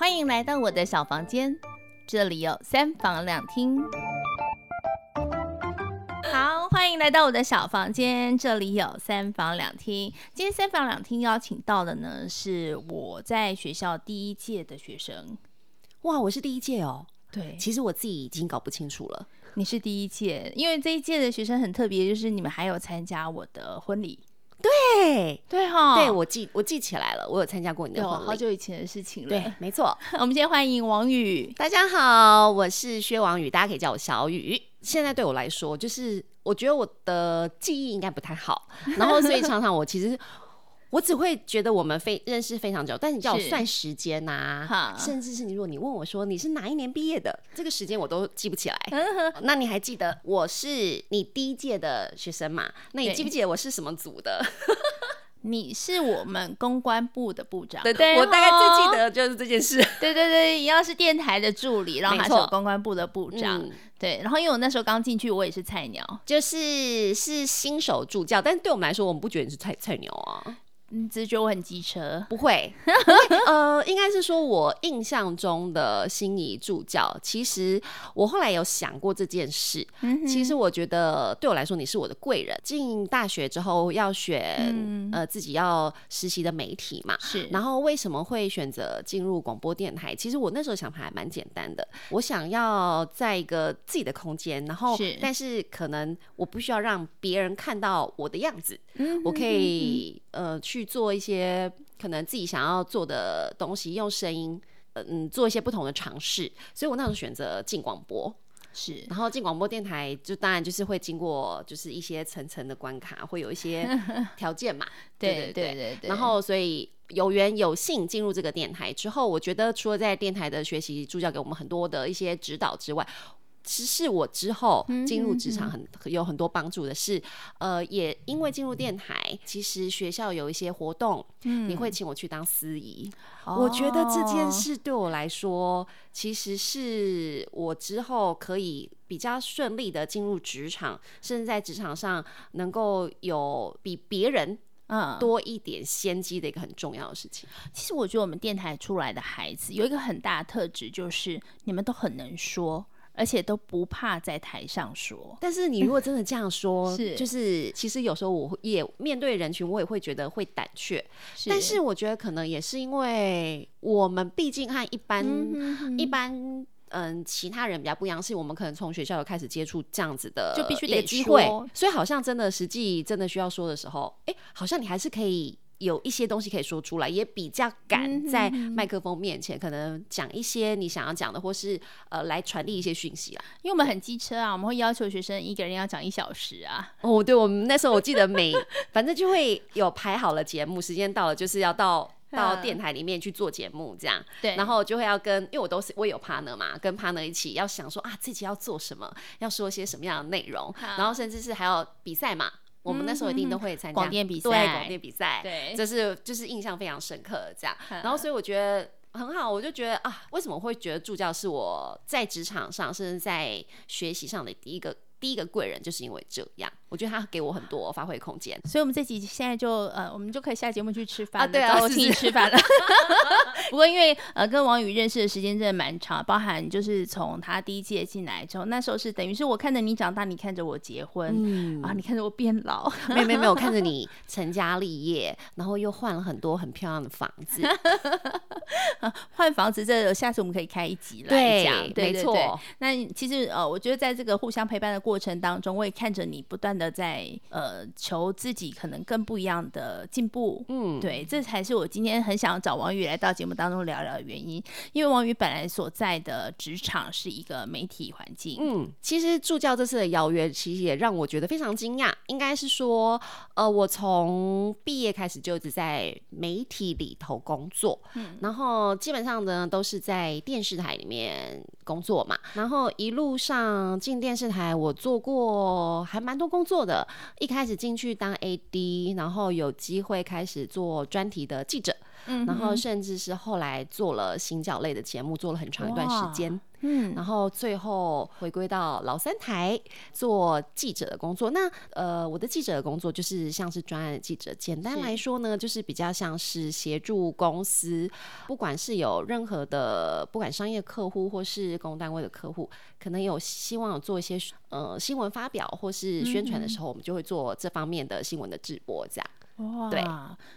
歡迎來到我的小房間，這裡有三房兩廳。好，歡迎來到我的小房間，這裡有三房兩廳。今天三房兩廳邀請到的呢，是我在學校第一屆的學生。哇，我是第一屆哦。對，其實我自己已經搞不清楚了。你是第一屆，因為這一屆的學生很特別，就是你們還有參加我的婚禮。對對哈，對、哦、對我記我記起來了，我有參加過你的，好久以前的事情了。對，沒錯。 啊、我們先歡迎王宇， 大家好，我是薛王宇，大家可以叫我小宇。現在對我來說，就是我覺得我的記憶應該不太好， 然後所以常常我其實。我只會覺得我們非認識非常久，但你要算時間吶、啊，huh. 甚至是如果你問我說你是哪一年畢業的，這個時間我都記不起來。 那你還記得我是你第一屆的學生嘛？那你記不記得我是什麼組的？ 你是我們公關部的部長，對對,對，oh. 我大概最記得就是這件事。對對對，你要是電台的助理，然後還是我公關部的部長、嗯，對。然後因為我那時候剛進去，我也是菜鳥，就是是新手助教，但對我們來說，我們不覺得你是菜菜鳥啊。你只是覺得我很機車，不會，okay, 呃，應該是說，我印象中的心儀助教。其實我後來有想過這件事。嗯、其實我覺得對我來說，你是我的貴人。進大學之後要選、嗯、呃自己要實習的媒體嘛，是。然後為什麼會選擇進入廣播電台？其實我那時候想法還蠻簡單的，我想要在一個自己的空間，然後是但是可能我不需要讓別人看到我的樣子，嗯、我可以、嗯、呃去。去做一些可能自己想要做的東西，用聲音，嗯，做一些不同的嘗試。所以我那時候選擇進廣播，是，然後進廣播電台，就當然就是會經過就是一些層層的關卡，會有一些條件嘛 對對對對對。對對對，對，對，然後，所以有緣有幸進入這個電台之後，我覺得除了在電台的學習助教給我們很多的一些指導之外，其實我之後進入職場很、嗯、哼哼有很多幫助的事，呃，也因為進入電台，嗯，其實學校有一些活動，嗯，你會請我去當司儀，嗯。我覺得這件事對我來說，哦、其實是我之後可以比較順利的進入職場，甚至在職場上能夠有比別人嗯多一點先機的一個很重要的事情、嗯。其實我覺得我們電台出來的孩子有一個很大的特質，就是你們都很能說。而且都不怕在臺上說，但是你如果真的這樣說， 是就是其實有時候我也面對人群，我也會覺得會膽怯。但是我覺得可能也是因為我們畢竟和一般、嗯、哼哼一般嗯其他人比較不一樣，是我們可能從學校就開始接觸這樣子的，就必須得機會，所以好像真的實際真的需要說的時候，哎、欸，好像你還是可以。有一些東西可以說出來，也比較敢在麥克風面前可能講一些你想要講的，嗯，或是呃來傳遞一些訊息啦。因為我們很機車啊，我們會要求學生一個人要講一小時啊。哦，對，我們那時候我記得沒 反正就會有排好了節目， 時間到了就是要到到電台裡面去做節目這樣，嗯。對，然後就會要跟，因為我都是我有 partner 嘛，跟 partner 一起要想說啊自己要做什麼，要說些什麼樣的內容，然後甚至是還有比賽嘛。我們那時候一定都會參加、嗯嗯、廣電比賽，廣電比賽，對，這是就是印象非常深刻的這樣。嗯、然後，所以我覺得很好，我就覺得啊，為什麼會覺得助教是我在職場上，甚至在學習上的第一個？第一個貴人就是因為這樣，我覺得他給我很多發揮空間，所以，我們這集現在就呃，我們就可以下節目去吃飯了，啊、對後、啊、我是是請你吃飯了。 不過，因為呃，跟王宇認識的時間真的蠻長的，包含就是從他第一屆進來之後，那時候是等於是我看着你長大，你看着我結婚、嗯、啊，你看着我變老，沒有沒有沒有，沒有看着你成家立業， 然後又換了很多很漂亮的房子。換、 啊、房子這下次我們可以開一集來講，沒錯。那其實呃，我覺得在這個互相陪伴的。過程當中，我也看着你不斷的在呃求自己可能更不一樣的進步，嗯，對，這才是我今天很想找王宇來到節目當中聊聊的原因。因為王宇本來所在的職場是一個媒體環境，嗯，其實助教這次的邀約，其實也讓我覺得非常驚訝。應該是說，呃，我從畢業開始就一直在媒體裡頭工作，嗯，然後基本上呢都是在電視台裡面工作嘛，然後一路上進電視台我。做過還蠻多工作的，一開始進去當 AD，然後有機會開始做專題的記者。然後，甚至是後來做了行腳類的節目，做了很長一段時間。嗯，然後最後回歸到老三台做記者的工作。那呃，我的記者的工作就是像是專案的記者，簡單來說呢，就是比較像是協助公司，不管是有任何的，不管商業客戶或是公共單位的客戶，可能有希望有做一些呃新聞發表或是宣傳的時候嗯嗯，我們就會做這方面的新聞的直播，這樣。哇、wow，對，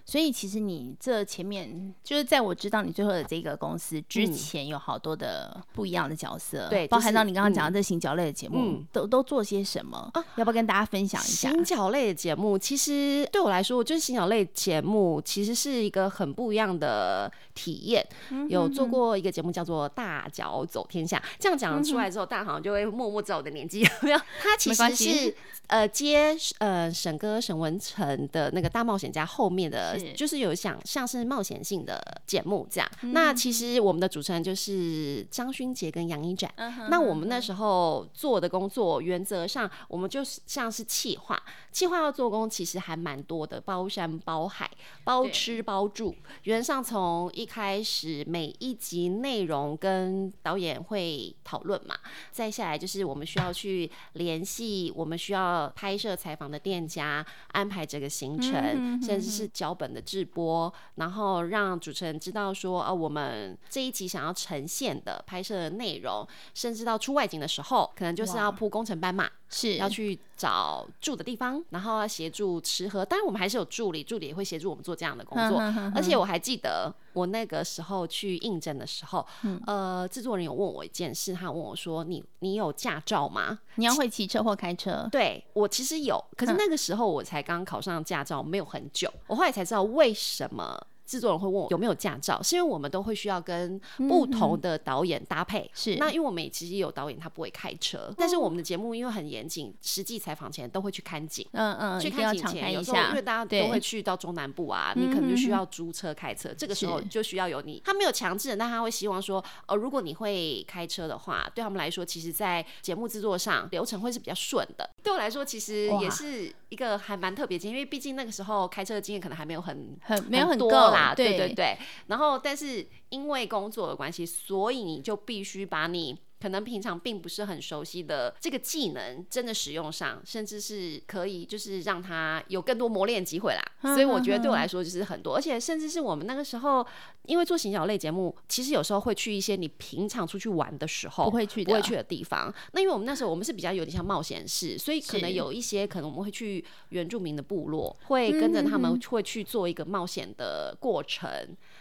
所以其實你這前面就是在我知道你最後的這個公司之前，有好多的不一樣的角色，嗯、對，就是、包含到你剛剛講的這行腳類的節目，嗯、都都做些什麼啊？要不要跟大家分享一下？行腳類的節目，其實對我來說，我覺得行腳類節目，其實是一個很不一樣的體驗、嗯嗯。有做過一個節目叫做《大腳走天下》，這樣講出來之後，大家好像就會默默知道我的年紀有沒有？他、嗯、 其實是沒關係呃接呃沈哥沈文成的那個大貓。冒險家後面的是就是有想像，像是冒險性的節目這樣，嗯。那其實我們的主持人就是張勳傑跟楊一展，嗯。那我們那時候做的工作，原則上我們就是像是企劃，嗯，企劃要做工，其實還蠻多的，包山包海，包吃包住。原則上從一開始每一集內容跟導演會討論嘛，再下來就是我們需要去聯繫，我們需要拍攝採訪的店家，安排這個行程。嗯甚至是腳本的制播，嗯，然後讓主持人知道說啊、呃，我們這一集想要呈現的拍攝的內容，甚至到出外景的時候，可能就是要鋪工程班嘛，是要去。找住的地方，然後要協助吃喝。當然，我們還是有助理，助理也會協助我們做這樣的工作、嗯哼哼哼。而且我還記得我那個時候去應徵的時候，嗯、呃，制作人有問我一件事，他問我說：“你你有駕照嗎？你要會騎車或開車？”對，我其實有，可是那個時候我才剛考上駕照，沒有很久、嗯。我後來才知道為什麼。製作人會問我有沒有駕照，是因為我們都會需要跟不同的導演搭配。嗯、是，那因為我們也其實有導演他不會開車，嗯、但是我們的節目因為很嚴謹，實際採訪前都會去看景。嗯嗯，去看景前，有時候因為大家都會去到中南部啊，嗯、你可能就需要租車開車。嗯、這個時候就需要有你，他沒有強制，但他會希望說，哦、呃，如果你會開車的話，對他們來說，其實在節目製作上流程會是比較順的。對我來說，其實也是一個還蠻特別的經驗，因為畢竟那個時候開車的經驗可能還沒有很很沒有很，很多啦。對對對，然後但是因為工作的關係，所以你就必須把你可能平常並不是很熟悉的這個技能，真的使用上，甚至是可以就是讓他有更多磨練機會啦。所以我覺得對我來說就是很多，而且甚至是我們那個時候，因為做行腳類節目，其實有時候會去一些你平常出去玩的時候不會去 不會去的地方。 那因為我們那時候我們是比較有點像冒險式，所以可能有一些可能我們會去原住民的部落，會跟着他們會去做一個冒險的過程，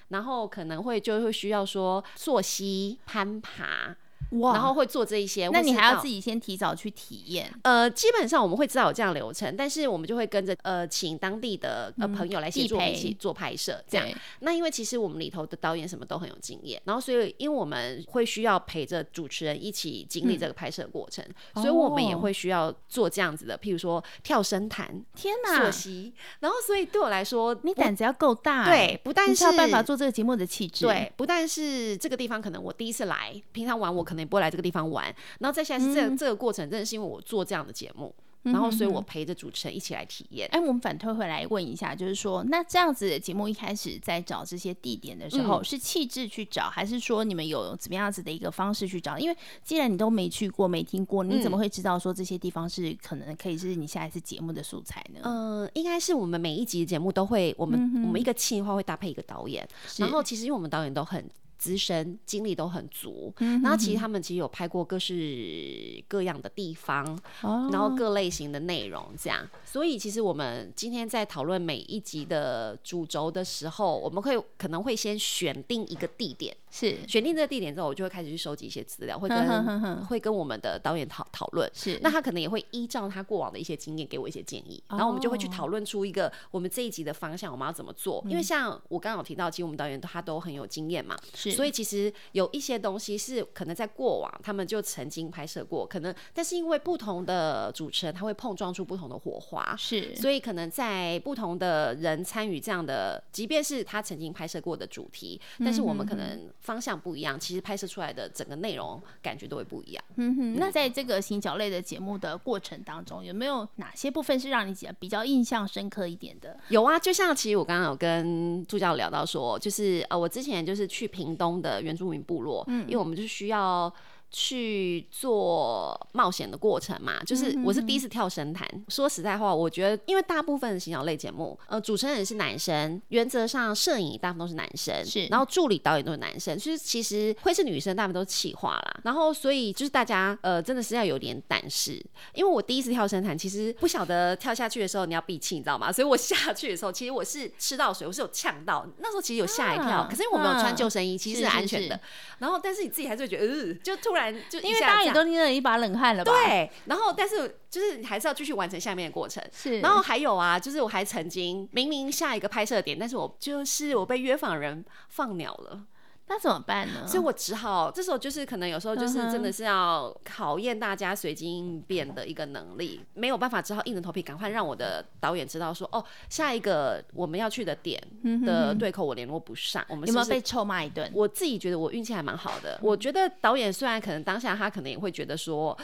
然後可能就會就會需要說溯溪攀爬。Wow, 然後會做這一些，那你還要自己先提早去體驗。呃，基本上我們會知道有這樣流程，但是我們就會跟着呃，請當地的呃朋友來協助我們、嗯、一起做拍攝這樣。那因為其實我們裡頭的導演什麼都很有經驗，然後所以因為我們會需要陪着主持人一起經歷這個拍攝過程、嗯，所以我們也會需要做這樣子的，譬、嗯、如說跳繩、彈天吶、啊、坐席。然後所以對我來說，你膽子要夠大，對，不但是要辦法做這個節目的氣質，對，不但是這個地方可能我第一次來，平常玩我。可能也不會來這個地方玩，然後再下來是這個嗯、這個過程，真的是因為我做這樣的節目、嗯，然後所以我陪着主持人一起來體驗、嗯。哎，我們反推回來問一下，就是說，那這樣子的節目一開始在找這些地點的時候，嗯、是氣質去找，還是說你們有怎麼樣子的一個方式去找？因為既然你都沒去過、沒聽過，你怎麼會知道說這些地方是可能可以是你下一次節目的素材呢？嗯、呃，應該是我們每一集的節目都會，我們、嗯、我們一個企劃會搭配一個導演，然後其實因為我們導演都很。資深精力都很足、嗯，然後其實他們其實有拍過各式各樣的地方，哦、然後各類型的內容這樣。所以其實我們今天在討論每一集的主軸的時候，我們會可能會先選定一個地點，是選定這個地點之後，我就會開始去收集一些資料，會跟呵呵呵會跟我們的導演討討論，是那他可能也會依照他過往的一些經驗給我一些建議、哦，然後我們就會去討論出一個我們這一集的方向，我們要怎麼做？嗯、因為像我剛剛有提到，其實我們導演他都很有經驗嘛，是。所以其實有一些東西是可能在過往他們就曾經拍攝過，可能但是因為不同的主持人他會碰撞出不同的火花，是，所以可能在不同的人參與這樣的，即便是他曾經拍攝過的主題、嗯，但是我們可能方向不一樣，嗯、其實拍攝出來的整個內容感覺都會不一樣。嗯哼，那、嗯、在這個行腳類的節目的過程當中，有沒有哪些部分是讓你比較印象深刻一點的？有啊，就像其實我剛剛有跟助教聊到說，就是呃，我之前就是去評東的原住民部落，嗯，因為我們就需要。去做冒險的過程嘛，嗯嗯，就是我是第一次跳深潭。嗯嗯，說實在話，我覺得因為大部分的行腳類節目，呃，主持人是男生，原則上攝影大部分都是男生，是，然後助理導演都是男生，所以其實會是女生，大部分都是企劃啦。然後所以就是大家呃真的是要有點膽識，因為我第一次跳深潭，其實不曉得跳下去的時候你要閉氣，你知道嗎？所以我下去的時候，其實我是吃到水，我是有嗆到，那時候其實有嚇一跳，啊、可是因為我沒有穿救生衣，啊、其實是安全的。啊、是是是，然後但是你自己還是會覺得，嗯、呃，就突然。就因為大家都捏了一把冷汗了吧？對，然後但是就是你還是要繼續完成下面的過程。是，然後還有啊，就是我還曾經明明下一個拍攝點，但是我就是我被約訪人放鳥了。那怎麼辦呢？所以我只好這時候就是可能有時候就是真的是要考驗大家隨機應變的一個能力，沒有辦法只好硬着頭皮，趕快讓我的導演知道說哦，下一個我們要去的點的對口我聯絡不上，嗯、哼哼我們是不是有沒有被臭罵一頓？我自己覺得我運氣還蠻好的。嗯、我覺得導演雖然可能當下他可能也會覺得說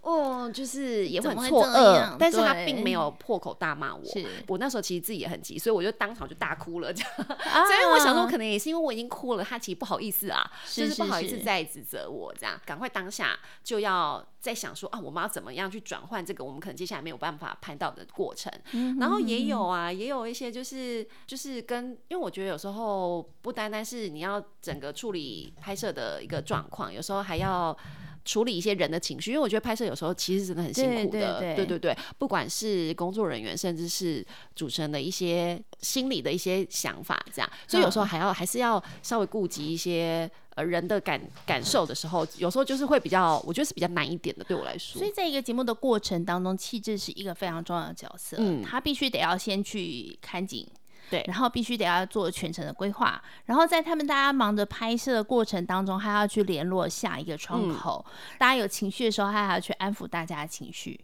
哦、嗯，就是也會很錯愕會，但是他並沒有破口大罵我。我那時候其實自己也很急，所以我就當場就大哭了。這樣， 所以我想說可能也是因為我已經哭了，他其實不好。不好意思啊，是是是，就是不好意思再指責我這樣，趕快當下就要再想說啊，我們要怎麼樣去轉換這個，我們可能接下來沒有辦法拍到的過程。嗯、然後也有啊，也有一些就是就是跟，因為我覺得有時候不單單是你要整個處理拍攝的一個狀況，有時候還要。處理一些人的情緒，因為我覺得拍攝有時候其實真的很辛苦的，對對對對，對對對，不管是工作人員，甚至是主持人的一些心理的一些想法，這樣，哦，所以有時候還要還是要稍微顧及一些呃人的感感受的時候， 有時候就是會比較，我覺得是比較難一點的對我來說。所以，在一個節目的過程當中，氣質是一個非常重要的角色，嗯、他必須得要先去看景，對，然後必須得要做全程的規劃，然後在他們大家忙着拍攝的過程當中，還要去聯絡下一個窗口。嗯、大家有情緒的時候，還還要去安撫大家的情緒。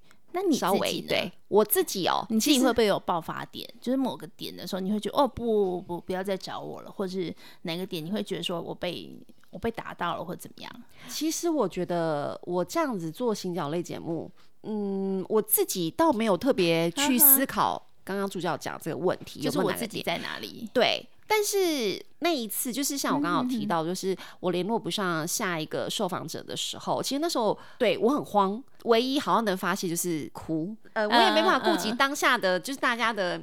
稍微那你自己呢？對我自己哦、喔，你自己會不會有爆發點？就是某個點的時候，你會覺得哦，不不不，不要再找我了，或是哪個點你會覺得說我被我被打到了，或怎麼樣？其實我覺得我這樣子做行腳類節目，嗯，我自己倒沒有特別去思考。 剛剛助教講這個問題，就是我自己在哪裡？對，但是那一次就是像我剛剛提到，就是我聯絡不上下一個受訪者的時候， 其實那時候對我很慌，唯一好像能發洩就是哭，呃，我也沒辦法顧及當下的就是大家的。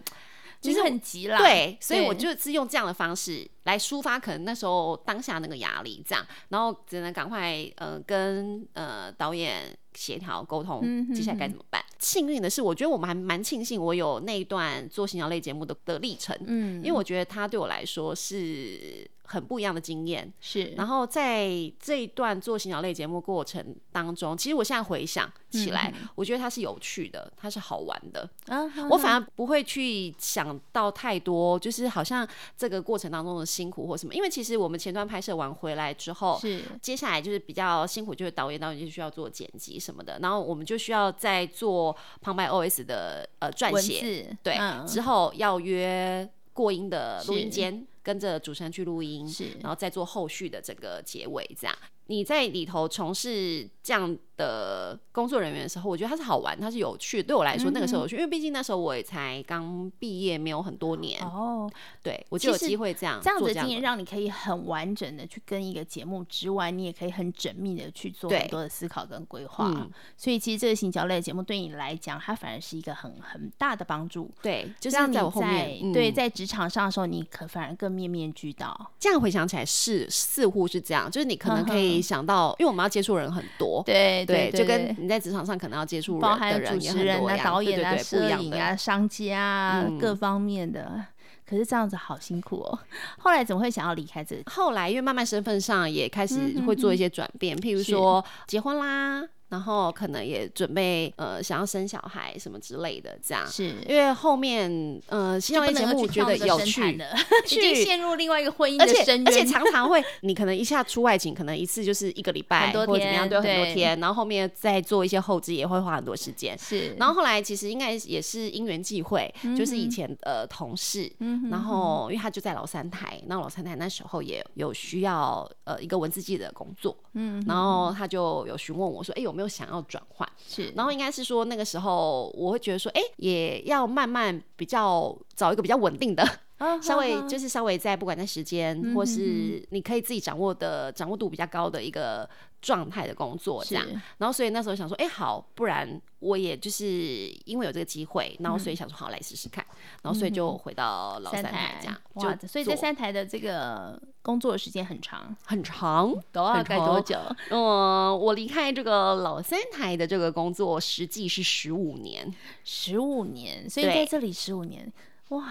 就是、是很急了，對，所以我就是用這樣的方式來抒發可能那時候當下那個壓力，這樣，然後只能趕快呃跟呃導演協調溝通，接下來該怎麼辦？幸運的是，我覺得我們還蠻慶幸，我有那一段做行腳類節目的的歷程，嗯，因為我覺得它對我來說是。很不一樣的經驗是，然後在這一段做行腳類節目過程當中，其實我現在回想起來，嗯、我覺得它是有趣的，它是好玩的、啊、我反而不會去想到太多，就是好像這個過程當中的辛苦或什麼。因為其實我們前段拍攝完回來之後，接下來就是比較辛苦，就是導演導演就需要做剪輯什麼的，然後我們就需要再做旁白 OS 的呃撰寫，對、嗯，之後要約過音的錄音間。跟着主持人去錄音，是，然後再做後續的這個結尾，這樣你在裡頭從事這樣。的工作人員的時候，我覺得他是好玩、嗯他是嗯，他是有趣。對我來說，那個時候有趣，嗯、因為畢竟那時候我也才剛畢業，沒有很多年。哦，對，我就有機會這樣做這樣，這樣子的經驗，讓你可以很完整的去跟一個節目執完，你也可以很縝密的去做很多的思考跟規劃、嗯。所以，其實這個行腳類的節目對你來講，它反而是一個很很大的幫助。對，這、就、樣、是、在我後面，嗯、對，在職場上的時候，你可反而更面面俱到。這樣回想起來是，是似乎是這樣，就是你可能可以想到，呵呵因為我們要接觸的人很多，對。對，對，對，對，對，對，就跟你在職場上可能要接觸包含主持人啊、導演啊、攝影啊，啊、商家啊各方、嗯、各方面的，可是這樣子好辛苦哦。後來怎麼會想要離開這？後來因為慢慢身份上也開始會做一些轉變、嗯哼哼，譬如說結婚啦。然後可能也準備呃，想要生小孩什麼之類的，這樣是因為後面呃，希望這節目覺得有趣，已經 陷入另外一個婚姻的深淵，而且而且常常會， 你可能一下出外景，可能一次就是一個禮拜，很多天，對，很多天，然後後面再做一些後製也會花很多時間。是，然後後來其實應該也是因緣際會，嗯、就是以前呃同事、嗯，然後因為他就在老三台，那老三台那時候也有需要呃一個文字記者的工作。嗯， 然後他就有詢問我說：“欸，有沒有想要轉換？”是，然後應該是說那個時候我會覺得說：“欸，也要慢慢比較找一個比較穩定的。 ” 稍微就是稍微在不管在時間、嗯、或是你可以自己掌握的、嗯、掌握度比較高的一個狀態的工作這樣，然後所以那時候想說，哎、欸，好，不然我也就是因為有這個機會，然後所以想說好試試，好，來試試看，然後所以就回到老三台這樣，嗯、哇。所以在三台的這個工作的時間很長，很長，大概多久？ 嗯，我離開這個老三台的這個工作實際是十五年，十五年，所以在這裡十五年。哇，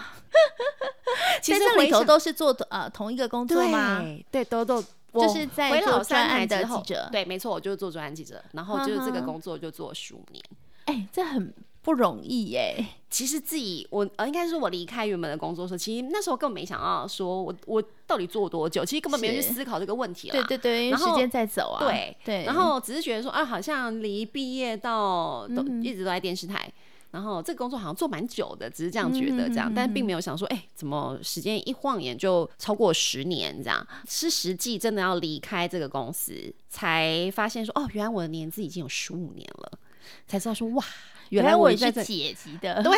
其實回這裡頭都是做呃同一個工作嗎？對，對都都我，就是在做專案的記者，者。對，沒錯，我就是做專案記者，然後就是這個工作就做十五年。哎、uh -huh. 欸，這很不容易耶、欸欸。其實自己我呃，應該說我離開原本的工作的時候，其實那時候我根本沒想到說我我到底做多久，其實根本沒去思考這個問題了。對對對，因為時間在走啊。對對，然後只是覺得說啊，好像離畢業到都、嗯、一直都在電視台。然後這個工作好像做蠻久的，只是這樣覺得這樣，嗯嗯嗯但並沒有想說，哎、欸，怎麼時間一晃眼就超過十年這樣。是實際真的要離開這個公司，才發現說，哦，原來我的年資已經有十五年了，才知道說，哇。原來我是姐姐的，對。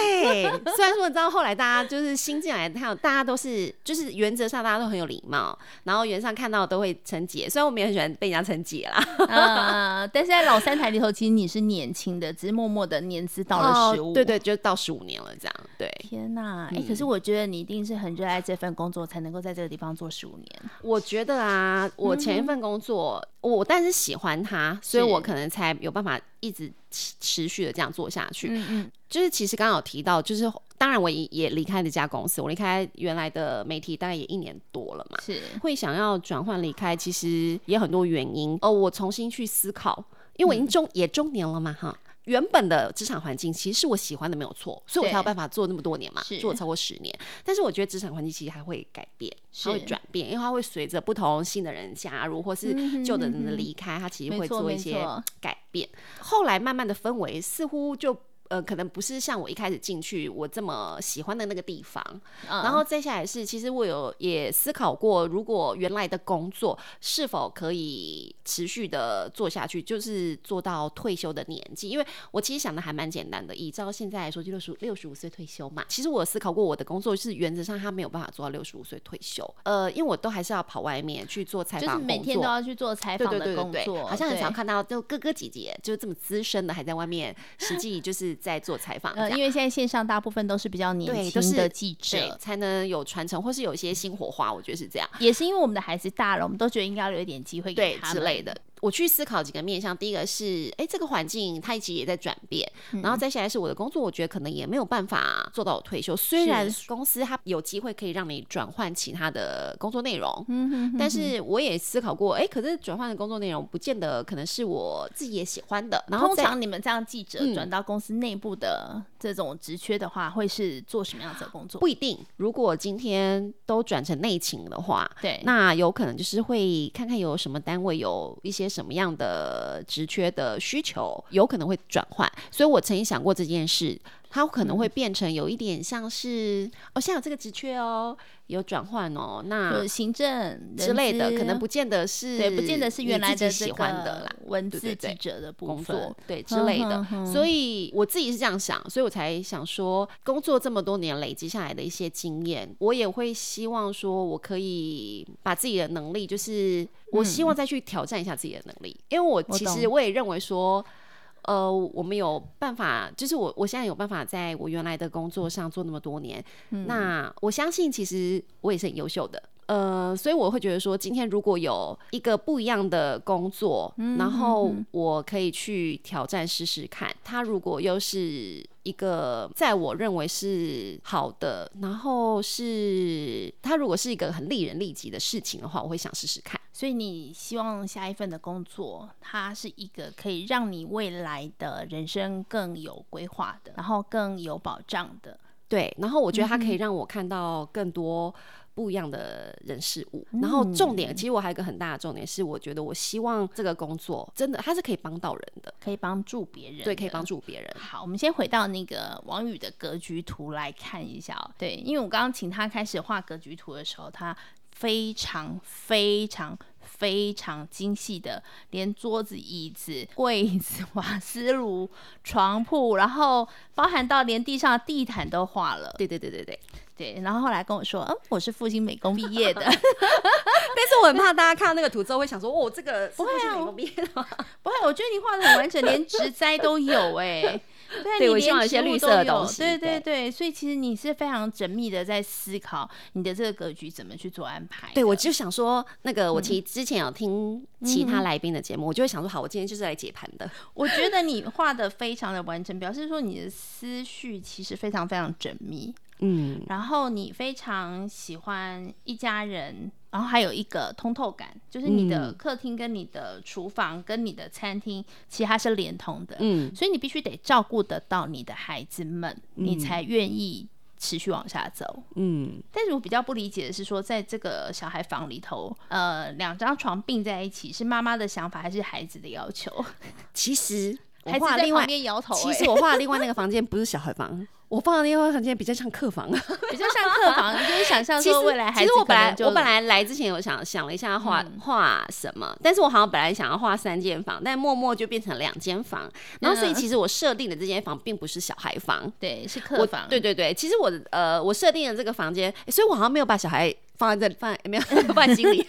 雖然說你知道後來大家就是新進來，還有大家都是， 就是原則上大家都很有禮貌，然後原則上看到都會稱姐。雖然我們也很喜歡被人家稱姐啦、啊， 但是在老三台裡頭，其實你是年輕的，只是默默的年資到了十五，啊、對,對對，就到十五年了這樣。對，天哪、啊欸嗯！可是我覺得你一定是很熱愛這份工作，才能夠在這個地方做十五年。我覺得啊，我前一份工作，嗯、我但是喜歡它，所以我可能才有辦法一直。持續的這樣做下去，嗯嗯就是其實剛剛有提到，就是當然我也也離開這家公司，我離開原來的媒體大概也一年多了嘛，是會想要轉換離開，其實也很多原因。哦，我重新去思考，因為我已經中、嗯、也中年了嘛，哈。原本的職場環境其實是我喜歡的沒有錯，所以我才有辦法做那麼多年嘛，做超過十年。是但是我覺得職場環境其實還會改變，還會轉變，因為它會隨着不同新的人加入，是或是舊的人的離開、嗯，它其實會做一些改變。後來慢慢的氛圍似乎就。呃，可能不是像我一開始進去我這麼喜歡的那個地方。嗯、然後再下來是，其實我有也思考過，如果原來的工作是否可以持續的做下去，就是做到退休的年紀。因為我其實想的還蠻簡單的，依照現在來說，就六十六十五歲退休嘛。其實我思考過，我的工作是原則上他沒有辦法做到六十五歲退休。呃，因為我都還是要跑外面去做採訪工作，就是、每天都要去做採訪的工作。對對對對對對對，好像很少看到就哥哥姐姐，就這麼資深的還在外面實際就是。在做採訪、呃，因為現在線上大部分都是比較年輕的記者，對，是對，才能有傳承，或是有一些新火花，我覺得是這樣。也是因為我們的孩子大了，嗯、我們都覺得應該要留一點機會給他們，對，之類的。我去思考幾個面向，第一個是，哎、欸，這個環境它一直也在轉變、嗯，然後再下來是我的工作，我覺得可能也沒有辦法做到我退休。雖然公司它有機會可以讓你轉換其他的工作內容，嗯哼嗯哼，但是我也思考過，哎、欸，可是轉換的工作內容不見得可能是我自己也喜歡的。嗯、然後，通常你們這樣記者轉、嗯、到公司內部的這種職缺的話，會是做什麼樣子的工作？不一定。如果今天都轉成內勤的話，對，那有可能就是會看看有什麼單位有一些。什麼樣的職缺的需求，有可能會轉換？所以我曾經想過這件事。它可能會變成有一點像是、嗯、哦，現在有這個職缺哦，有轉換哦，那行政之類的，可能不見得是不見得是原來的這個文字記者的對對對工作對之類的呵呵呵。所以我自己是這樣想，所以我才想說，工作這麼多年累積下來的一些經驗，我也會希望說我可以把自己的能力，就是我希望再去挑戰一下自己的能力，嗯、因為我其實我也認為說。呃，我們有辦法，就是我我現在有辦法在我原來的工作上做那麼多年，嗯、那我相信其實我也是很優秀的，呃，所以我會覺得說，今天如果有一個不一樣的工作，嗯、然後我可以去挑戰試試看、嗯，他如果又是。一個在我認為是好的，然後是它，如果是一個很利人利己的事情的話，我會想試試看。所以你希望下一份的工作，它是一個可以讓你未來的人生更有規劃的，然後更有保障的。對，然後我覺得它可以讓我看到更多。嗯。不一樣的人事物，嗯，然後重點，其實我還有一個很大的重點是，我覺得我希望這個工作真的它是可以幫到人的，可以幫助別人，對，可以幫助別人。好，我們先回到那個王宇的格局圖來看一下喔。對，因為我剛剛請他開始畫格局圖的時候，他非常非常非常精細的，連桌子、椅子、櫃子、瓦斯爐、床鋪，然後包含到連地上的地毯都畫了。對對對對對。對，然後後來跟我說，嗯，我是復興美工畢業的。 但是我很怕大家看到那個圖之後會想說，哦，這個復興美工畢業嗎？不會、啊不會啊，我覺得你畫的很完整， 連植栽都有哎、欸。 對，我希望一些綠色的東西。對對對，對，所以其實你是非常縝密的在思考你的這個格局怎麼去做安排。對，我就想說，那個我其實之前有聽其他來賓的節目、嗯嗯，我就會想說，好，我今天就是來解盤的。 我覺得你畫的非常的完整，表示說你的思緒其實非常非常縝密。嗯，然後你非常喜歡一家人，然後還有一個通透感，就是你的客廳跟你的廚房跟你的餐廳、嗯、其實它是連通的，嗯，所以你必須得照顧得到你的孩子們、嗯，你才願意持續往下走，嗯。但是我比較不理解的是說，在這個小孩房裡頭，呃，兩張床併在一起是媽媽的想法還是孩子的要求？其實，孩子在另外一邊搖頭、欸。其實我畫的另外那個房間不是小孩房。 我放的煙花房間比， 比較像客房，比較像客房，你就是想象說未來其。其實我本來、嗯、我本來來之前，我想想了一下畫畫、嗯、什麼，但是我好像本來想要畫三間房，但默默就變成兩間房。然後所以其實我設定的這間房並不是小孩房，對，是客房。對對對，其實我呃我設定的這個房間，所以我好像沒有把小孩。放在這放沒有放在心裡，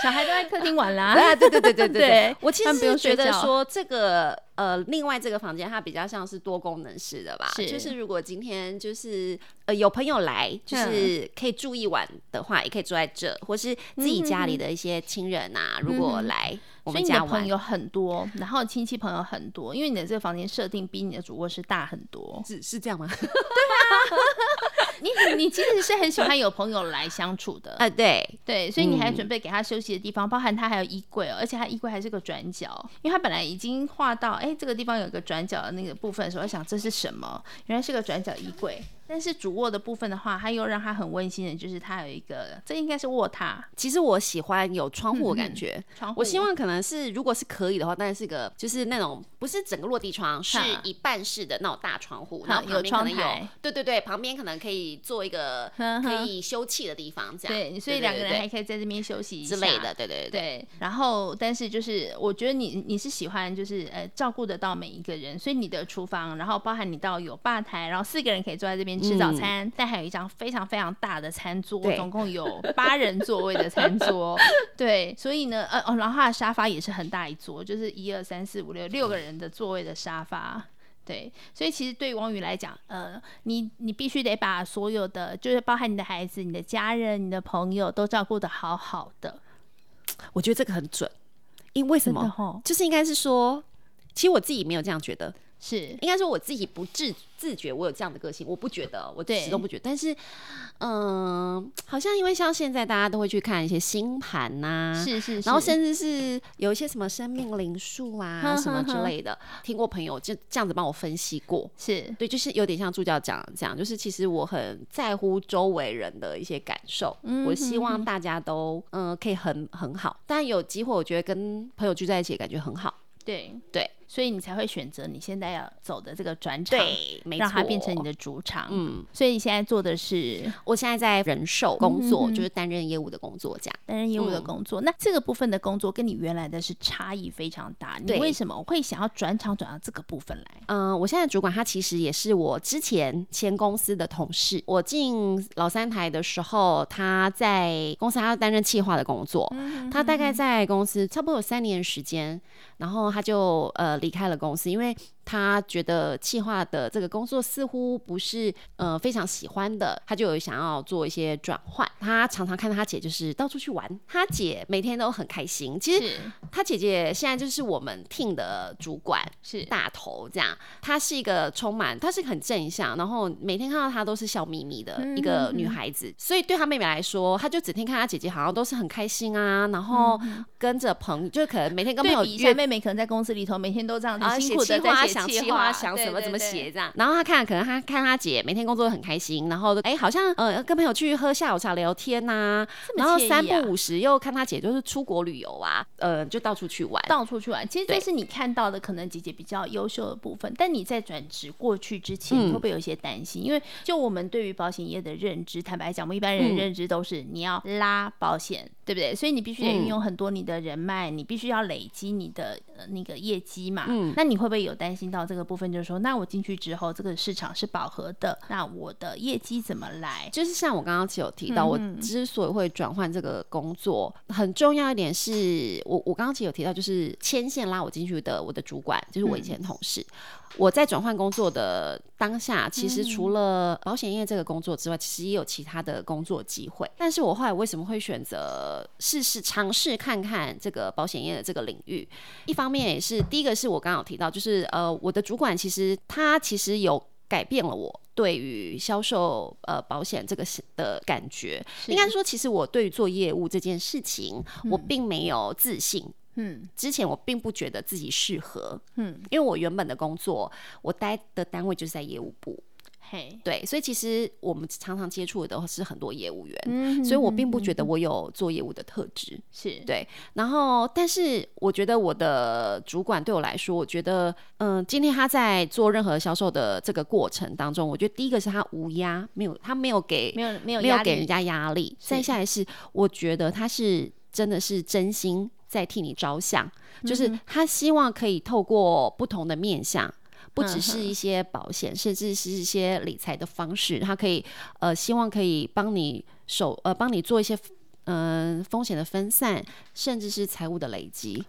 小孩都在客廳玩啦、 啊。對對對對對，對我其實是覺得說這個呃，另外這個房間它比較像是多功能式的吧。是，就是如果今天就是呃有朋友來，就是可以住一晚的話，也可以住在這、嗯，或是自己家裡的一些親人啊、嗯，如果來、嗯、我們家玩，你朋友很多，然後親戚朋友很多，因為你的這個房間設定比你的主臥室大很多，是是這樣嗎？ 對啊。 你你其實是很喜歡有朋友來相處的啊，對對，所以你還準備給他休息的地方，嗯、包含他還有衣櫃、喔、而且他衣櫃還是個轉角，因為他本來已經畫到哎、欸、這個地方有個轉角的那個部分的時候，所以我想這是什麼？原來是個轉角衣櫃。但是主臥的部分的話，它又讓它很溫馨的，就是它有一個，這應該是臥榻。其實我喜歡有窗戶的感覺，嗯、我希望可能是，如果是可以的話，當然是個，就是那種不是整個落地窗，是一半式的那種大窗戶，然後旁邊有，有窗台，對對對，旁邊可能可以做一個可以休憩的地方，這樣呵呵。對，所以兩個人還可以在這邊休息之類的，對對對，對，對。然後，但是就是我覺得你你是喜歡就是呃照顧得到每一個人，所以你的廚房，然後包含你到有吧台，然後四個人可以坐在這邊。吃早餐，嗯，但還有一張非常非常大的餐桌，總共有八人座位的餐桌。 對，所以呢，呃，哦，然後他的沙發也是很大一桌，就是一二三四五六六個人的座位的沙發。嗯、對，所以其實對於王宇來講，呃，你你必須得把所有的，就是包含你的孩子、你的家人、你的朋友，都照顧得好好的。我覺得這個很準，因為為什麼？哦？就是應該是說，其實我自己沒有這樣覺得。是，應該說我自己不自自覺，我有這樣的個性，我不覺得，我始終不覺得。但是，嗯、呃，好像因為像現在大家都會去看一些星盤吶、啊，是，是是，然後甚至是有一些什麼生命靈數啊呵呵呵什麼之類的，聽過朋友就這樣子幫我分析過，是對，就是有點像助教講的這樣，就是其實我很在乎周圍人的一些感受，嗯、哼哼，我希望大家都嗯、呃、可以很很好，但有機會我覺得跟朋友聚在一起感覺很好，對對。所以你才會選擇你現在要走的這個轉場，對，沒錯，讓它變成你的主場。嗯，所以你現在做的是，我現在在人壽工作，嗯、哼哼就是擔任，任業務的工作，這樣擔任業務的工作。那這個部分的工作跟你原來的是差異非常大對。你為什麼我會想要轉場轉到這個部分來？嗯、呃，我現在主管他其實也是我之前前公司的同事。我進老三台的時候，他在公司他擔任企劃的工作、嗯哼哼，他大概在公司差不多有三年時間，然後他就呃。離開了公司，因為他覺得企劃的這個工作似乎不是呃非常喜歡的，他就有想要做一些轉換。他常常看到他姐就是到處去玩，他姐每天都很開心。其實他姐姐現在就是我們 Team 的主管，是大頭這樣。她是一個充滿，她是很正向，然後每天看到她都是笑眯眯的一個女孩子。嗯嗯嗯，所以對他妹妹來說，他就整天看他姐姐好像都是很開心啊，然後跟着朋友嗯嗯，就可能每天跟朋友一一下，妹妹可能在公司裡頭每天都這樣子辛苦的在寫話，想什麼怎麼寫這樣，然後他看可能他看他姐每天工作很開心，然後哎好像呃跟朋友去喝下午茶聊天吶、啊啊，然後三不五時又看他姐就是出國旅遊啊，呃就到處去玩到處去玩，其實這是你看到的可能姐姐比較優秀的部分，但你在轉職過去之前，嗯、會不會有一些擔心？因為就我們對於保險業的認知，坦白講，我們一般人認知都是你要拉保險，嗯、對不對？所以你必須得運用很多你的人脈，嗯、你必須要累積你的、呃、那個業績嘛、嗯。那你會不會有擔心？到這個部分就是說，那我進去之後，這個市場是飽和的，那我的業績怎麼來？就是像我剛剛其實有提到，嗯、我之所以會轉換這個工作，很重要一點是我我剛剛其實有提到，就是牽線拉我進去的我的主管就是我以前同事。嗯、我在轉換工作的當下，其實除了保險業這個工作之外，其實也有其他的工作機會。但是我後來為什麼會選擇試試嘗試看看這個保險業的這個領域？一方面也是第一個是我剛剛有提到，就是呃。我的主管其實他其實有改變了我對於銷售呃保險這個是的感覺。應該說，其實我對於做業務這件事情，嗯，我並沒有自信。嗯，之前我並不覺得自己適合。嗯，因為我原本的工作，我待的單位就是在業務部。Hey. 對，所以其實我們常常接觸的都是很多業務員、嗯哼哼哼，所以我並不覺得我有做業務的特質，是對。然後，但是我覺得我的主管對我來說，我覺得，嗯，今天他在做任何銷售的這個過程當中，我覺得第一個是他無壓，沒有他沒有給沒有沒有，沒有給人家壓力。再下來是，我覺得他是真的是真心在替你着想、嗯，就是他希望可以透過不同的面相面向，不只是一些保險、嗯，甚至是一些理財的方式，他可以呃，希望可以幫你手呃，幫你做一些嗯、呃、風險的分散，甚至是財務的累積。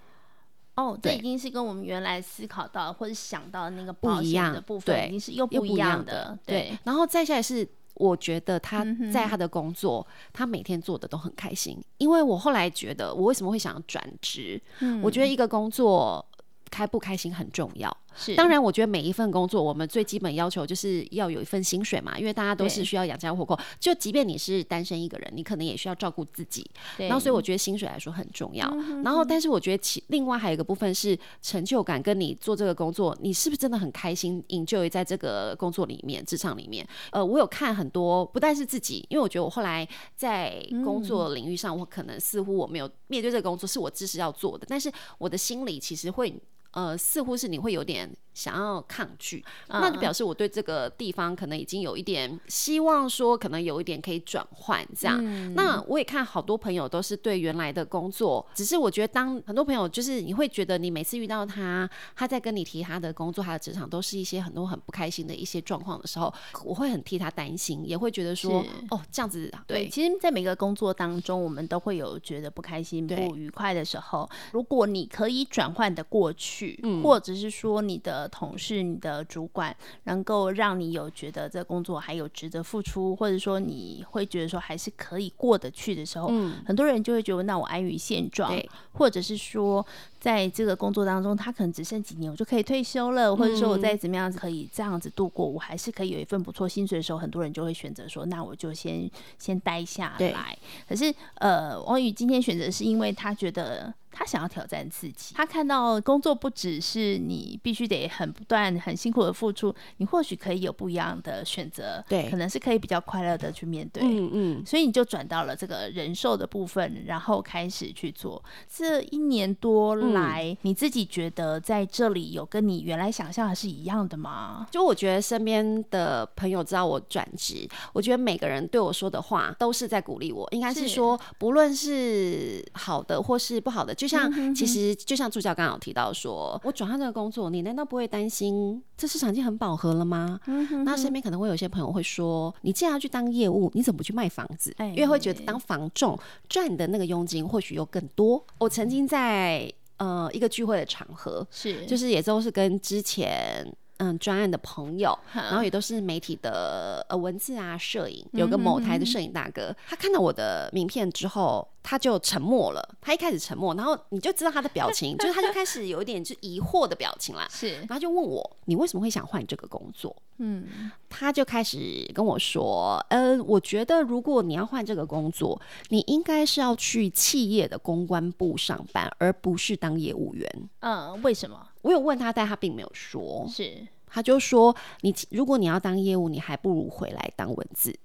哦，這已經是跟我們原來思考到或者想到的那個的不一樣的部分，已經是又不一樣的，對一樣的對。對，然後再下來是我覺得他在他的工作，嗯、他每天做的都很開心。因為我後來覺得，我為什麼會想要轉職、嗯？我覺得一個工作開不開心很重要。是，當然，我覺得每一份工作，我們最基本要求就是要有一份薪水嘛，因為大家都是需要養家糊口。就即便你是單身一個人，你可能也需要照顧自己。然後，所以我覺得薪水來說很重要。然後，但是我覺得其另外還有一個部分是成就感，跟你做這個工作，你是不是真的很開心，enjoy 在這個工作裡面、職場裡面？呃，我有看很多，不但是自己，因為我覺得我後來在工作領域上，我可能似乎我沒有面對這個工作是我自己要做的，但是我的心裡其實會。呃，似乎是你會有點。想要抗拒，嗯，那就表示我對這個地方可能已經有一點希望，說可能有一點可以轉換這樣，嗯。那我也看好多朋友都是對原來的工作，只是我覺得當很多朋友就是你會覺得你每次遇到他，他在跟你提他的工作，他的職場，都是一些很多很不開心的一些狀況的時候，我會很替他擔心，也會覺得說哦，這樣子。對，對其實，在每個工作當中，我們都會有覺得不開心、不愉快的時候。如果你可以轉換的過去，嗯，或者是說你的。同事，你的主管能夠讓你有覺得這工作還有值得付出，或者說你會覺得說還是可以過得去的時候，嗯，很多人就會覺得那我安於現狀，或者是說在這個工作當中，他可能只剩幾年，我就可以退休了，或者說我再怎麼樣可以這樣子度過，嗯，我還是可以有一份不錯薪水的時候，很多人就會選擇說，那我就先先待下來。可是，呃，王宇今天選擇是因為他覺得。他想要挑戰自己，他看到工作不只是你必須得很不斷很辛苦的付出，你或許可以有不一樣的選擇，對，可能是可以比較快樂的去面對，嗯，嗯，所以你就轉到了這個人壽的部分，然後開始去做。這一年多來，嗯，你自己覺得在這裡有跟你原來想象的是一樣的嗎？就我覺得身邊的朋友知道我轉職，我覺得每個人對我說的話都是在鼓勵我，應該是說不論是好的或是不好的，就就像其實就像助教剛好提到說，我轉換這個工作，你難道不會擔心這市場已經很飽和了嗎？嗯、哼哼那身邊可能會有些朋友會說，你既然要去當業務，你怎麼不去賣房子？因為會覺得當房仲賺你的那個佣金或許又更多。我曾經在呃一個聚會的場合，是就是也都是跟之前。嗯，專案的朋友、嗯，然後也都是媒體的呃文字啊、攝影。有個某台的攝影大哥嗯嗯嗯，他看到我的名片之後，他就沉默了。他一開始沉默，然後你就知道他的表情， 就是他就開始有一點就疑惑的表情啦。是，然後他就問我：“你為什麼會想換這個工作？”嗯，他就開始跟我說：“呃、嗯，我覺得如果你要換這個工作，你應該是要去企業的公關部上班，而不是當業務員。”嗯，為什麼？我有問他，但他並沒有說，是他就說，你如果你要當業務，你還不如回來當文字，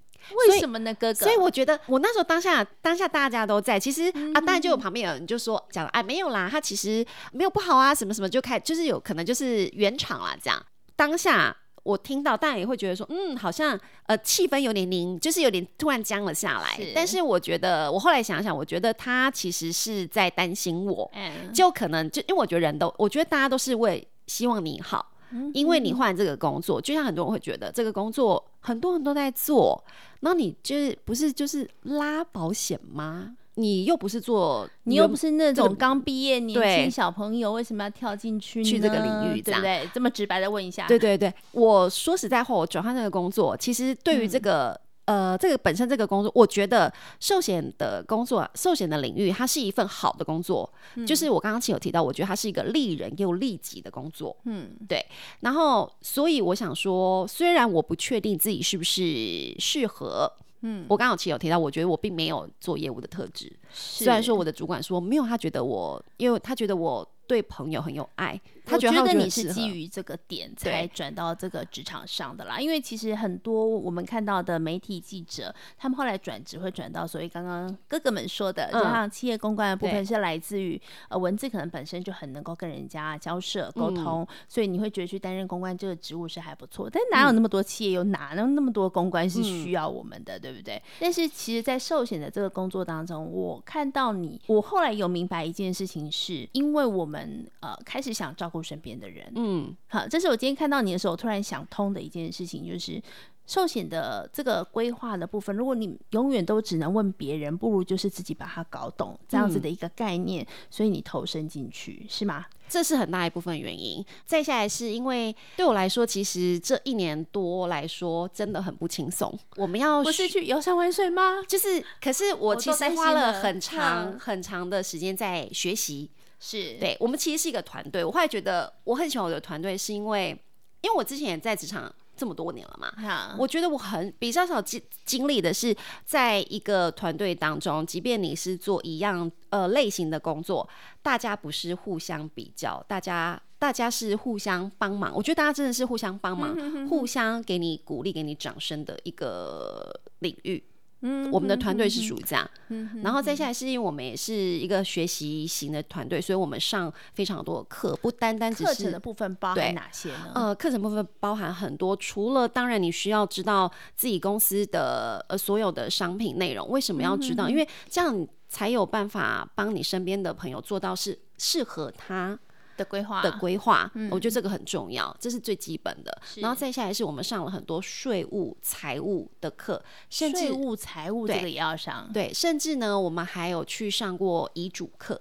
為什麼呢，哥哥？所以，所以我覺得我那時候當下當下大家都在，其實、嗯、啊，當然就有旁邊有人就說講，哎，沒有啦，他其實沒有不好啊，什麼什麼就開，就是有可能就是圓場啦，這樣當下。我聽到，但也會覺得說，嗯，好像呃，氣氛有點凝，就是有點突然僵了下來。但是我覺得，我後來想想，我覺得他其實是在擔心我，嗯，就可能就因為我覺得人都，我覺得大家都是為希望你好，嗯，因為你換這個工作，就像很多人會覺得這個工作很多人都在做，那你就是不是就是拉保險嗎？你又不是做，你又不是那種剛畢業年輕小朋友，為什麼要跳進去去這個領域？對不對，對？這麼直白的問一下。對對對，我說實在話，我轉換這個工作，其實對於這個、嗯、呃，這個本身這個工作，我覺得壽險的工作，壽險的領域，它是一份好的工作。嗯，就是我剛剛有提到，我覺得它是一個利人又利己的工作。嗯，對。然後，所以我想說，雖然我不確定自己是不是適合。嗯，我剛好其實有提到，我覺得我並沒有做業務的特質，雖然說我的主管說沒有，他覺得我，因為他覺得我對朋友很有愛。他覺得，我覺得你是基於這個點才轉到這個職場上的啦，因為其實很多我們看到的媒體記者，他們後來轉職會轉到所謂剛剛哥哥們說的，就像企業公關的部分是來自於呃文字，可能本身就很能夠跟人家交涉溝通，所以你會覺得去擔任公關這個職務是還不錯。但哪有那麼多企業有哪有那麼多公關是需要我們的，對不對？但是其實，在壽險的這個工作當中，我看到你，我後來有明白一件事情是，因為我們呃開始想找。或身邊的人，嗯，好，這是我今天看到你的時候，突然想通的一件事情，就是壽險的這個規劃的部分，如果你永遠都只能問別人，不如就是自己把它搞懂，這樣子的一個概念，嗯，所以你投身進去，是嗎？這是很大一部分原因。再下來是因為，對我來說，其實這一年多來說，真的很不輕鬆。我們要不是去游山玩水嗎？就是，可是我其實花了很長很長的時間在學習。是對，我們其實是一個團隊。我後來覺得我很喜歡我的團隊，是因為因為我之前也在職場這麼多年了嘛。哈，我覺得我很比較少經經歷的是，在一個團隊當中，即便你是做一樣呃類型的工作，大家不是互相比較，大家大家是互相幫忙。我覺得大家真的是互相幫忙嗯哼嗯哼，互相給你鼓勵、給你掌聲的一個領域。嗯， 我們的團隊是暑假。 然後再下來是因為我們也是一個學習型的團隊， 所以我們上非常多的課，不單單只是課程的部分，包含哪些呢？呃，課程部分包含很多，除了當然你需要知道自己公司的呃所有的商品內容，為什麼要知道？ 因為這樣才有辦法幫你身邊的朋友做到是適合他。的規劃的規劃、嗯，我覺得這個很重要，這是最基本的。然後再下來是我們上了很多稅務財務的課，稅務財務這個也要上對。對，甚至呢，我們還有去上過遺囑課，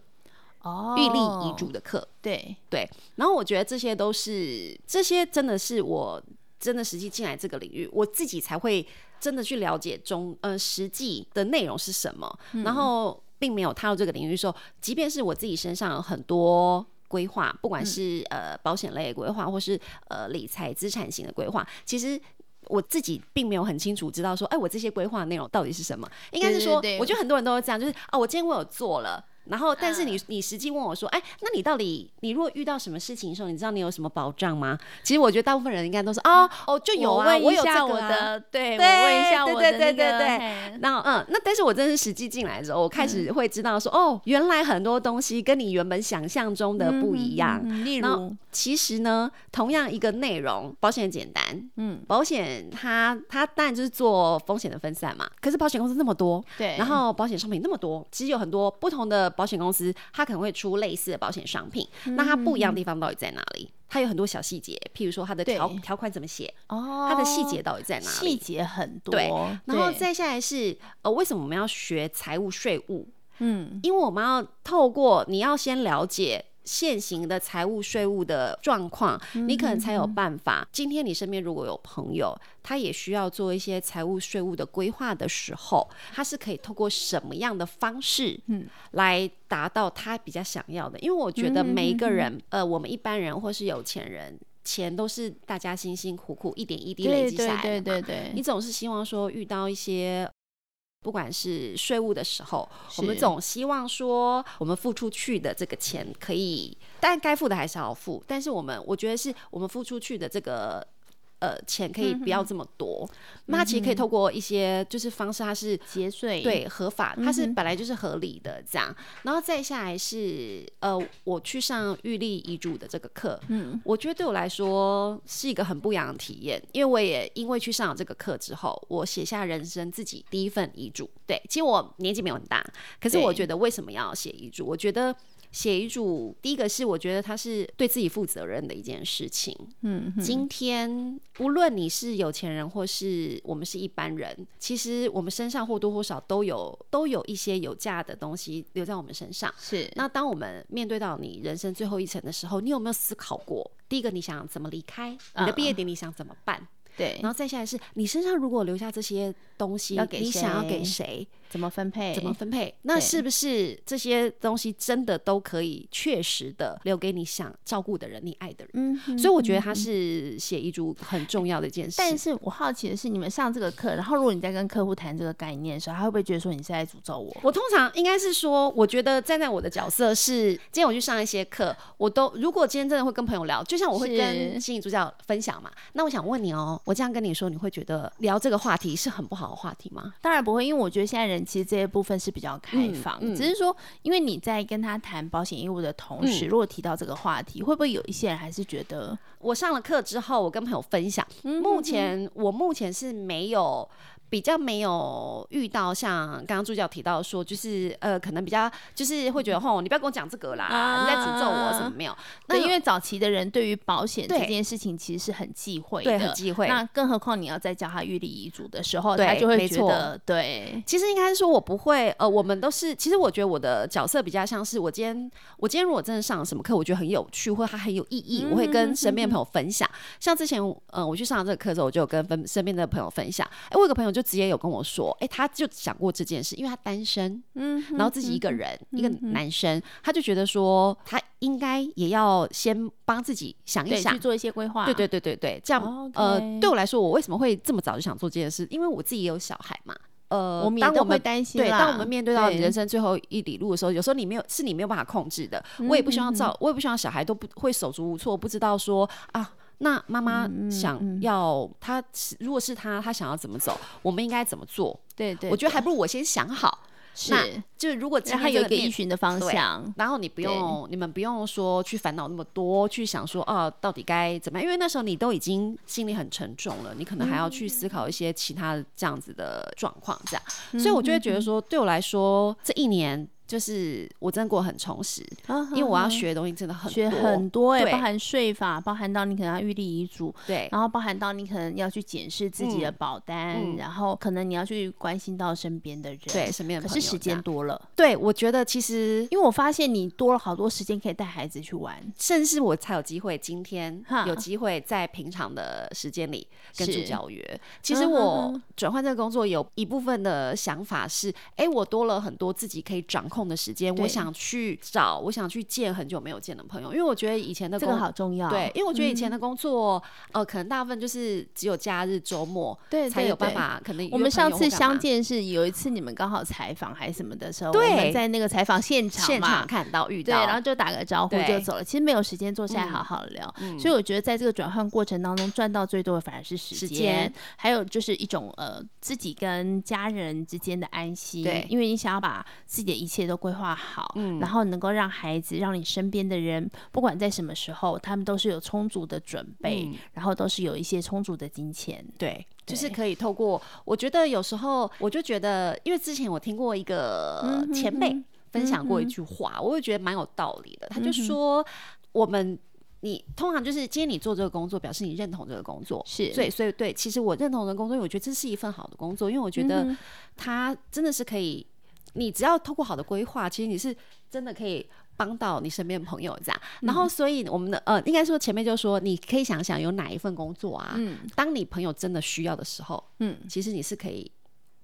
哦，預立遺囑的課。對對。然後我覺得這些都是這些真的是我真的實際進來這個領域，我自己才會真的去了解中呃實際的內容是什麼、嗯。然後並沒有踏入這個領域的時候，即便是我自己身上有很多。規劃，不管是呃保險類的規劃，或是呃理財資產型的規劃，其實我自己並沒有很清楚知道說，哎、欸，我這些規劃的內容到底是什麼？應該是說，對對對，我覺得很多人都這樣，就是啊，我今天我有做了。然後，但是你你實際問我說，哎、嗯，那你到底你如果遇到什麼事情的時候，你知道你有什麼保障嗎？其實我覺得大部分人應該都是、嗯、哦，就有啊，我有我的，我有、啊、我的對，對，我問一下我的、那個，對對對對對，對。那嗯，那但是我真的是實際進來的時候，我開始會知道說、嗯，哦，原來很多東西跟你原本想象中的不一樣，嗯嗯、例如。其實呢，同樣一個內容，保險很簡單，嗯，保險它它當然就是做風險的分散嘛。可是保險公司那麼多，對，然後保險商品那麼多，其實有很多不同的保險公司，它可能會出類似的保險商品，嗯。那它不一樣的地方到底在哪裡？它有很多小細節，譬如說它的條條款怎麼寫，哦，它的細節到底在哪裡？細節很多。對。然後再下來是呃，為什麼我們要學財務稅務？嗯，因為我們要透過你要先了解。現行的財務稅務的狀況，你可能才有辦法。嗯、今天你身邊如果有朋友，他也需要做一些財務稅務的規劃的時候，他是可以透過什麼樣的方式，來達到他比較想要的？因為我覺得每一個人，嗯、呃，我們一般人或是有錢人、嗯，錢都是大家辛辛苦苦一點一滴累積下來的嘛。對，對，對，對，對，你總是希望說遇到一些。不管是稅務的時候，我們總希望說，我們付出去的這個錢可以，但該付的還是要付。但是我們，我覺得是我們付出去的這個。呃，錢可以不要這麼多，嗯、那其實可以透過一些就是方式，它是節、嗯、稅，對，合法，它是本來就是合理的這樣。嗯、然後再下來是呃，我去上預立遺囑的這個課，嗯，我覺得對我來說是一個很不一樣的體驗，因為我也因為去上了這個課之後，我寫下人生自己第一份遺囑，對，其實我年紀沒有很大，可是我覺得為什麼要寫遺囑？我覺得。寫遺囑，第一個是我覺得它是對自己負責任的一件事情。嗯，嗯，今天無論你是有錢人，或是我們是一般人，其實我們身上或多或少都有都有一些有價的東西留在我們身上。是，那當我們面對到你人生最後一程的時候，你有沒有思考過？第一個，你想怎麼離開？Uh. 你的畢業典禮想怎麼辦？對，然後再下來是你身上如果留下這些東西，要給誰，你想要給誰？怎麼分配？怎麼分配？那是不是這些東西真的都可以確實的留給你想照顧的人，你愛的人？嗯，所以我覺得他是寫遺囑很重要的一件事。但是我好奇的是，你們上這個課，然後如果你在跟客戶談這個概念的時候，他會不會覺得說你是在詛咒我？我通常應該是說，我覺得站在我的角色是，今天我去上一些課，我都如果今天真的會跟朋友聊，就像我會跟心理助教分享嘛，那我想問你哦。我這樣跟你說，你會覺得聊這個話題是很不好的話題嗎？當然不會，因為我覺得現在人其實這一部分是比較開放，嗯嗯。只是說，因為你在跟他談保險業務的同時，嗯，如果提到這個話題，會不會有一些人還是覺得，嗯、我上了課之後，我跟朋友分享，嗯、目前、嗯、我目前是沒有。比較沒有遇到像剛剛助教提到說，就是呃，可能比較就是會覺得吼、嗯，你不要跟我講這個啦，啊、你在詛咒我什麼沒有、啊？那因為早期的人對於保險這件事情其實是很忌諱的，很忌諱。那更何況你要在教他預立遺囑的時候，他就會覺得對。其實應該說我不會，呃，我們都是，其實我覺得我的角色比較像是我今天，我今天如果真的上了什麼課，我覺得很有趣，或者它很有意義，嗯、哼哼，我會跟身邊的朋友分享。像之前呃，我去上這個課的時候，我就跟身邊的朋友分享。哎、嗯呃欸，我有個朋友就是。就直接有跟我說，哎、欸，他就想過這件事，因為他單身，嗯，然後自己一個人，嗯、一個男生、嗯，他就覺得說，他應該也要先幫自己想一想，做一些規劃，對對對對對，這樣、oh, okay，呃，對我來說，我為什麼會這麼早就想做這件事？因為我自己也有小孩嘛，呃，我們也都會擔心啦，當我們，對，當我們面對到人生最後一里路的時候，有時候你沒有，是你沒有辦法控制的，嗯嗯嗯，我也不希望造，我也不希望小孩都不會手足無措，不知道說啊。那媽媽想要他、嗯嗯、他，如果是他，他想要怎麼走，嗯、我們應該怎麼做？對，對對，我覺得還不如我先想好。是，那就如果讓他有一個依循的方向，然後你不用，你們不用說去煩惱那麼多，去想說啊，到底該怎麼樣？因為那時候你都已經心裡很沉重了，你可能還要去思考一些其他這樣子的狀況，嗯、這樣、嗯。所以我就會覺得說，對我來說、嗯嗯嗯、這一年。就是我真的過得很充實，uh -huh. 因為我要學的東西真的很多學很多，欸，哎，包含稅法，包含到你可能要預立遺囑，對，然後包含到你可能要去檢視自己的保單，嗯，然後可能你要去關心到身邊的人，嗯，對，身邊可是時間多了，對，我覺得其實因為我發現你多了好多時間可以帶孩子去玩，甚至我才有機會今天有機會在平常的時間裡跟住教育，其實我轉換這個工作有一部分的想法是，哎，uh -huh. 欸，我多了很多自己可以掌控的時間，我想去找，我想去見很久沒有見的朋友，因為我覺得以前的工作、這個、好重要。對，因為我覺得以前的工作，哦、嗯呃，可能大部分就是只有假日、週末，對、對、對才有辦法。可能我們上次相見是有一次你們剛好採訪還是什麼的時候，對，我們在那個採訪現場嘛、現場看到遇到，對，然後就打個招呼就走了。其實沒有時間坐下來好好的聊、嗯，所以我覺得在這個轉換過程當中賺到最多的反而是時間，還有就是一種呃自己跟家人之間的安心。對，因為你想要把自己的一切。都規劃好、嗯，然後能夠讓孩子，讓你身邊的人，不管在什麼時候，他們都是有充足的準備，嗯、然後都是有一些充足的金錢，對，對，就是可以透過。我覺得有時候我就覺得，因為之前我聽過一個前輩分享過一句話，嗯嗯、我就覺得蠻有道理的。嗯、他就說，我們你通常就是今天你做這個工作，表示你認同這個工作，是對，所以對，其實我認同的工作，我覺得這是一份好的工作，因為我覺得他真的是可以。你只要透過好的規劃，其實你是真的可以幫到你身邊朋友這樣、嗯。然後，所以我們的呃，應該說前面就說，你可以想想有哪一份工作啊，嗯，當你朋友真的需要的時候，嗯，其實你是可以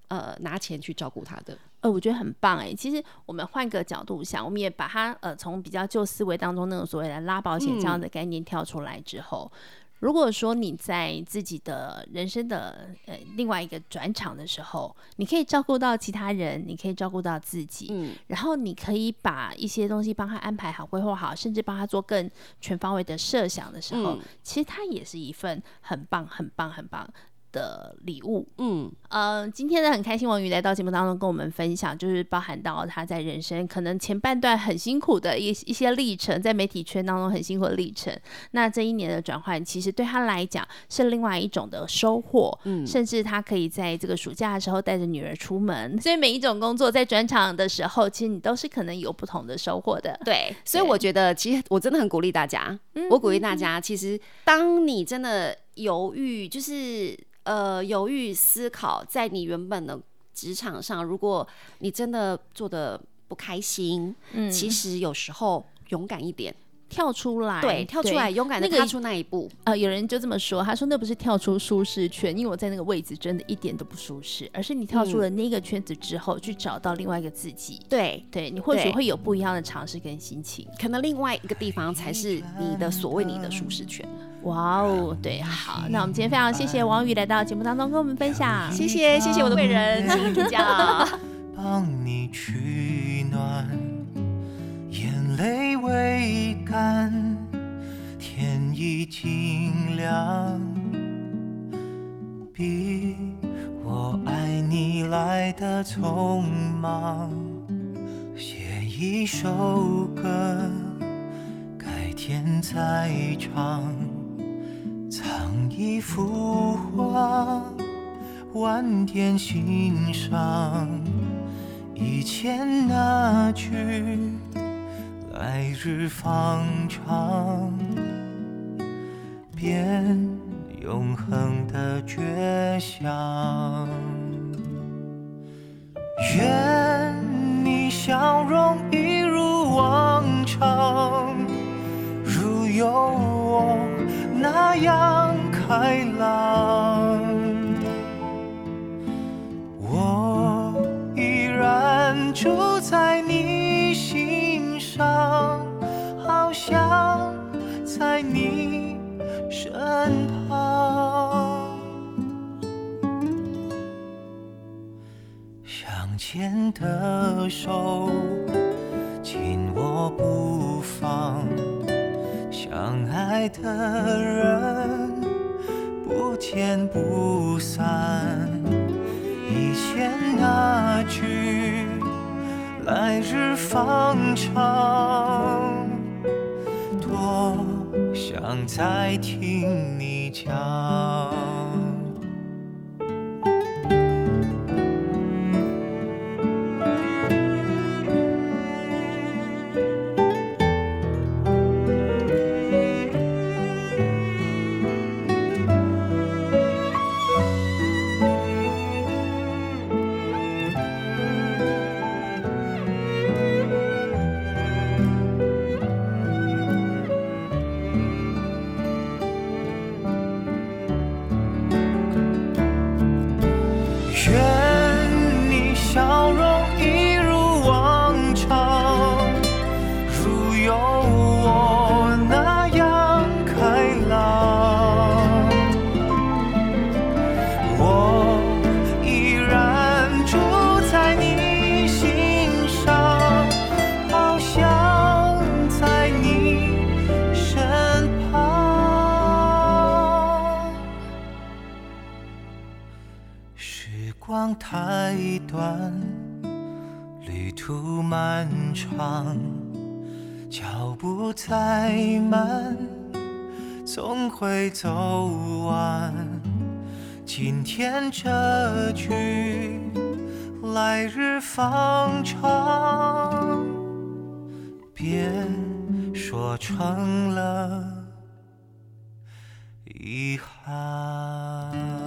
呃拿錢去照顧他的。呃，我覺得很棒哎、欸。其實我們換個角度想，我們也把它呃從比較舊思維當中那種所謂的拉保險這樣的概念跳出來之後。嗯如果說你在自己的人生的呃另外一個轉場的時候，你可以照顧到其他人，你可以照顧到自己，嗯、然後你可以把一些東西幫他安排好、規劃好，甚至幫他做更全方位的設想的時候，嗯、其實他也是一份很棒、很棒、很棒的禮物，嗯呃，今天的很開心，王宇來到節目當中跟我們分享，就是包含到他在人生可能前半段很辛苦的一一些歷程，在媒體圈當中很辛苦的歷程。那這一年的轉換，其實對他來講是另外一種的收穫，嗯，甚至他可以在這個暑假的時候帶着女兒出門。所以每一種工作在轉場的時候，其實你都是可能有不同的收穫的，對。所以我覺得，其實我真的很鼓勵大家，嗯，我鼓勵大家，其實當你真的猶豫，就是。呃，猶豫思考，在你原本的職場上，如果你真的做得不開心，嗯，其實有時候勇敢一點。跳出來，對，跳出來，勇敢的踏出那一步，那個。呃，有人就這麼說，他說那不是跳出舒適圈，因為我在那個位置真的一點都不舒適，而是你跳出了那個圈子之後，嗯，去找到另外一個自己。對，對你或許會有不一樣的嘗試跟心情，可能另外一個地方才是你的所謂你的舒適圈。哇哦，對，好，那我們今天非常謝謝王宇來到節目當中跟我們分享，謝謝謝謝我的貴人，幫 你取暖眼淚未乾，天已經亮。比我愛你來得匆忙。寫一首歌，改天再唱。藏一幅畫，晚點欣賞。以前那句。來日方長，變永恆的絕響。願你笑容一如往常，如有我那樣開朗。的手緊握不放，相愛的人不見不散。以前那句來日方長，多想再聽你講。腳步太慢，總會走完。今天這句「來日方長，別說成了遺憾。